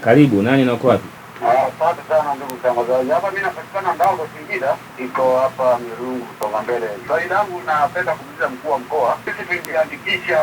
Karibu, nani na uko wapi? Asante sana ndugu mtangazaji. Hapa mimi napatikana Ndauko Singida, iko hapa Mirungu songa mbele. Swali langu napenda kumuuliza mkuu wa mkoa, sisi tuliandikisha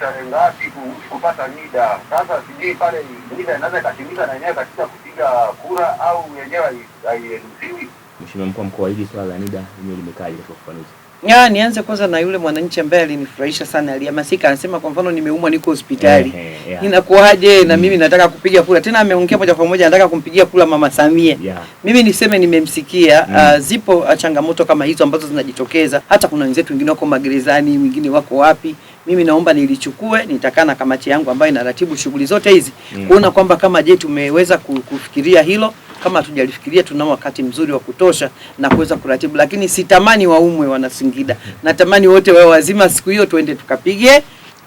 tarehe ngapi kupata NIDA? Sasa sijui pale NIDA inaweza ikatimika na yenyewe katika kupiga kura au yenyewe hairuhusiwi. Mheshimiwa mkuu wa mkoa, hili swala la NIDA yenyewe ile kwa ufafanuzi? Ya, nianze kwanza na yule mwananchi ambaye alinifurahisha sana, alihamasika, anasema kwa mfano, nimeumwa niko hospitali yeah, yeah. Inakuaje na mm. mimi nataka kupiga kula tena. Ameongea moja kwa moja, nataka kumpigia kula Mama Samia yeah. Mimi niseme nimemsikia mm. Uh, zipo ah, changamoto kama hizo ambazo zinajitokeza, hata kuna wenzetu wengine wako magerezani, wengine wako wapi mimi naomba nilichukue, nitakaa na kamati yangu ambayo inaratibu shughuli zote hizi mm. kuona kwamba kama je, tumeweza kufikiria hilo kama hatujalifikiria, tuna wakati mzuri wa kutosha na kuweza kuratibu, lakini sitamani waumwe wana Singida, natamani wote wawe wazima siku hiyo, tuende tukapige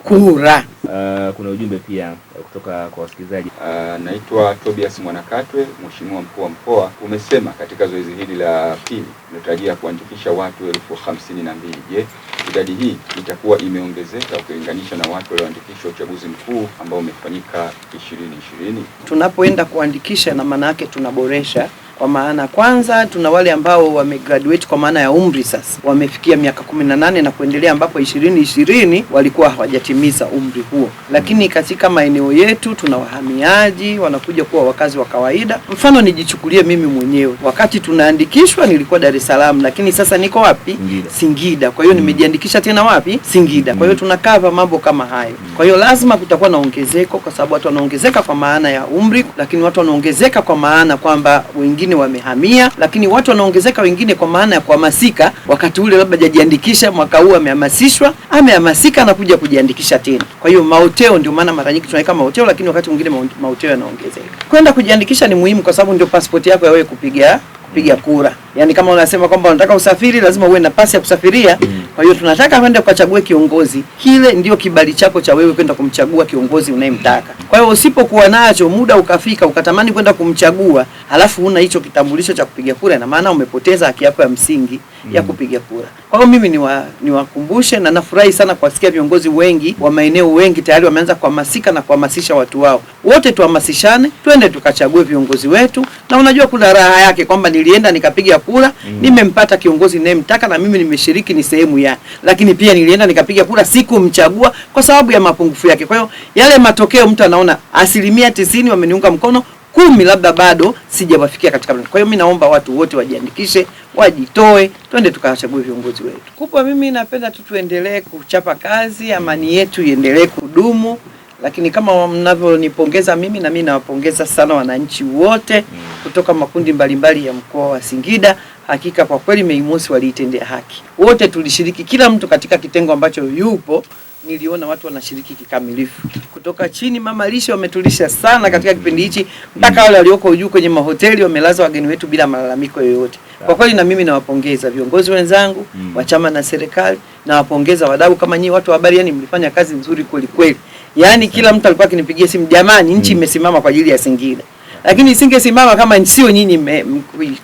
kura. Uh, kuna ujumbe pia uh, kutoka kwa wasikilizaji. Uh, naitwa Tobias Mwanakatwe. Mheshimiwa mkuu wa mkoa umesema katika zoezi hili la pili unatarajia kuandikisha watu elfu hamsini na mbili. Je, idadi hii itakuwa imeongezeka ukilinganisha na watu walioandikishwa uchaguzi mkuu ambao umefanyika 2020? Tunapoenda kuandikisha na maana yake tunaboresha kwa maana kwanza, tuna wale ambao wamegraduate kwa maana ya umri sasa wamefikia miaka 18 na kuendelea, ambapo 2020 walikuwa hawajatimiza umri huo. Lakini katika maeneo yetu tuna wahamiaji wanakuja kuwa wakazi wa kawaida. Mfano nijichukulie mimi mwenyewe, wakati tunaandikishwa nilikuwa Dar es Salaam, lakini sasa niko wapi? Singida, Singida. Kwa hiyo mm. nimejiandikisha tena wapi? Singida. Kwa hiyo mm. tunakava mambo kama hayo. Mm. Kwa hiyo lazima kutakuwa na ongezeko, kwa sababu watu wanaongezeka kwa maana ya umri, lakini watu wanaongezeka kwa maana kwamba wengi wengine wamehamia, lakini watu wanaongezeka wengine kwa maana ya kuhamasika. Wakati ule labda hajajiandikisha, mwaka huu amehamasishwa, amehamasika, anakuja kujiandikisha tena. Kwa hiyo mahoteo, ndio maana mara nyingi tunaweka mahoteo, lakini wakati mwingine mahoteo yanaongezeka. Kwenda kujiandikisha ni muhimu, kwa sababu ndio pasipoti yako ya wewe kupiga kupiga kura. Yaani kama unasema kwamba unataka usafiri lazima uwe na pasi ya kusafiria. Mm. Kwa hiyo tunataka kwenda ukachague kiongozi. Kile ndio kibali chako cha wewe kwenda kumchagua kiongozi unayemtaka. Kwa hiyo usipokuwa nacho, muda ukafika ukatamani kwenda kumchagua, halafu una hicho kitambulisho cha kupiga kura, na maana umepoteza haki yako ya msingi mm. ya kupiga kura. Kwa hiyo mimi niwakumbushe, ni na nafurahi sana kuwasikia viongozi wengi wa maeneo wengi tayari wameanza kuhamasika na kuhamasisha watu wao. Wote tuhamasishane, twende tukachague viongozi wetu, na unajua kuna raha yake kwamba nilienda nikapiga kura mm. Nimempata kiongozi ninayemtaka na mimi nimeshiriki, ni sehemu ya, lakini pia nilienda nikapiga kura, sikumchagua kwa sababu ya mapungufu yake. Kwa hiyo yale matokeo mtu anaona asilimia tisini wameniunga mkono kumi labda bado sijawafikia katika. Kwa hiyo mi naomba watu wote wajiandikishe, wajitoe, twende tukawachague viongozi wetu. Kubwa mimi napenda tu tuendelee kuchapa kazi, amani yetu iendelee kudumu lakini kama mnavyonipongeza mimi, na mimi nawapongeza sana wananchi wote mm. kutoka makundi mbalimbali mbali ya mkoa wa Singida. Hakika kwa kweli Mei Mosi waliitendea haki, wote tulishiriki, kila mtu katika kitengo ambacho yupo. Niliona watu wanashiriki kikamilifu, kutoka chini, mama lishe wametulisha sana katika mm. kipindi hichi, mpaka wale walioko juu kwenye mahoteli wamelaza wageni wetu bila malalamiko yoyote. Kwa kweli, na mimi nawapongeza viongozi wenzangu mm. wa chama na serikali, nawapongeza wadau kama nyinyi watu wa habari, yani mlifanya kazi nzuri kweli kweli. Yaani kila mtu alikuwa akinipigia simu, jamani, nchi mm. imesimama kwa ajili ya Singida, lakini isingesimama kama sio nyinyi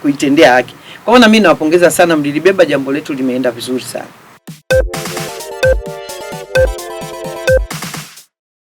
kuitendea haki. Kwa hiyo na mimi nawapongeza sana, mlilibeba jambo letu, limeenda vizuri sana.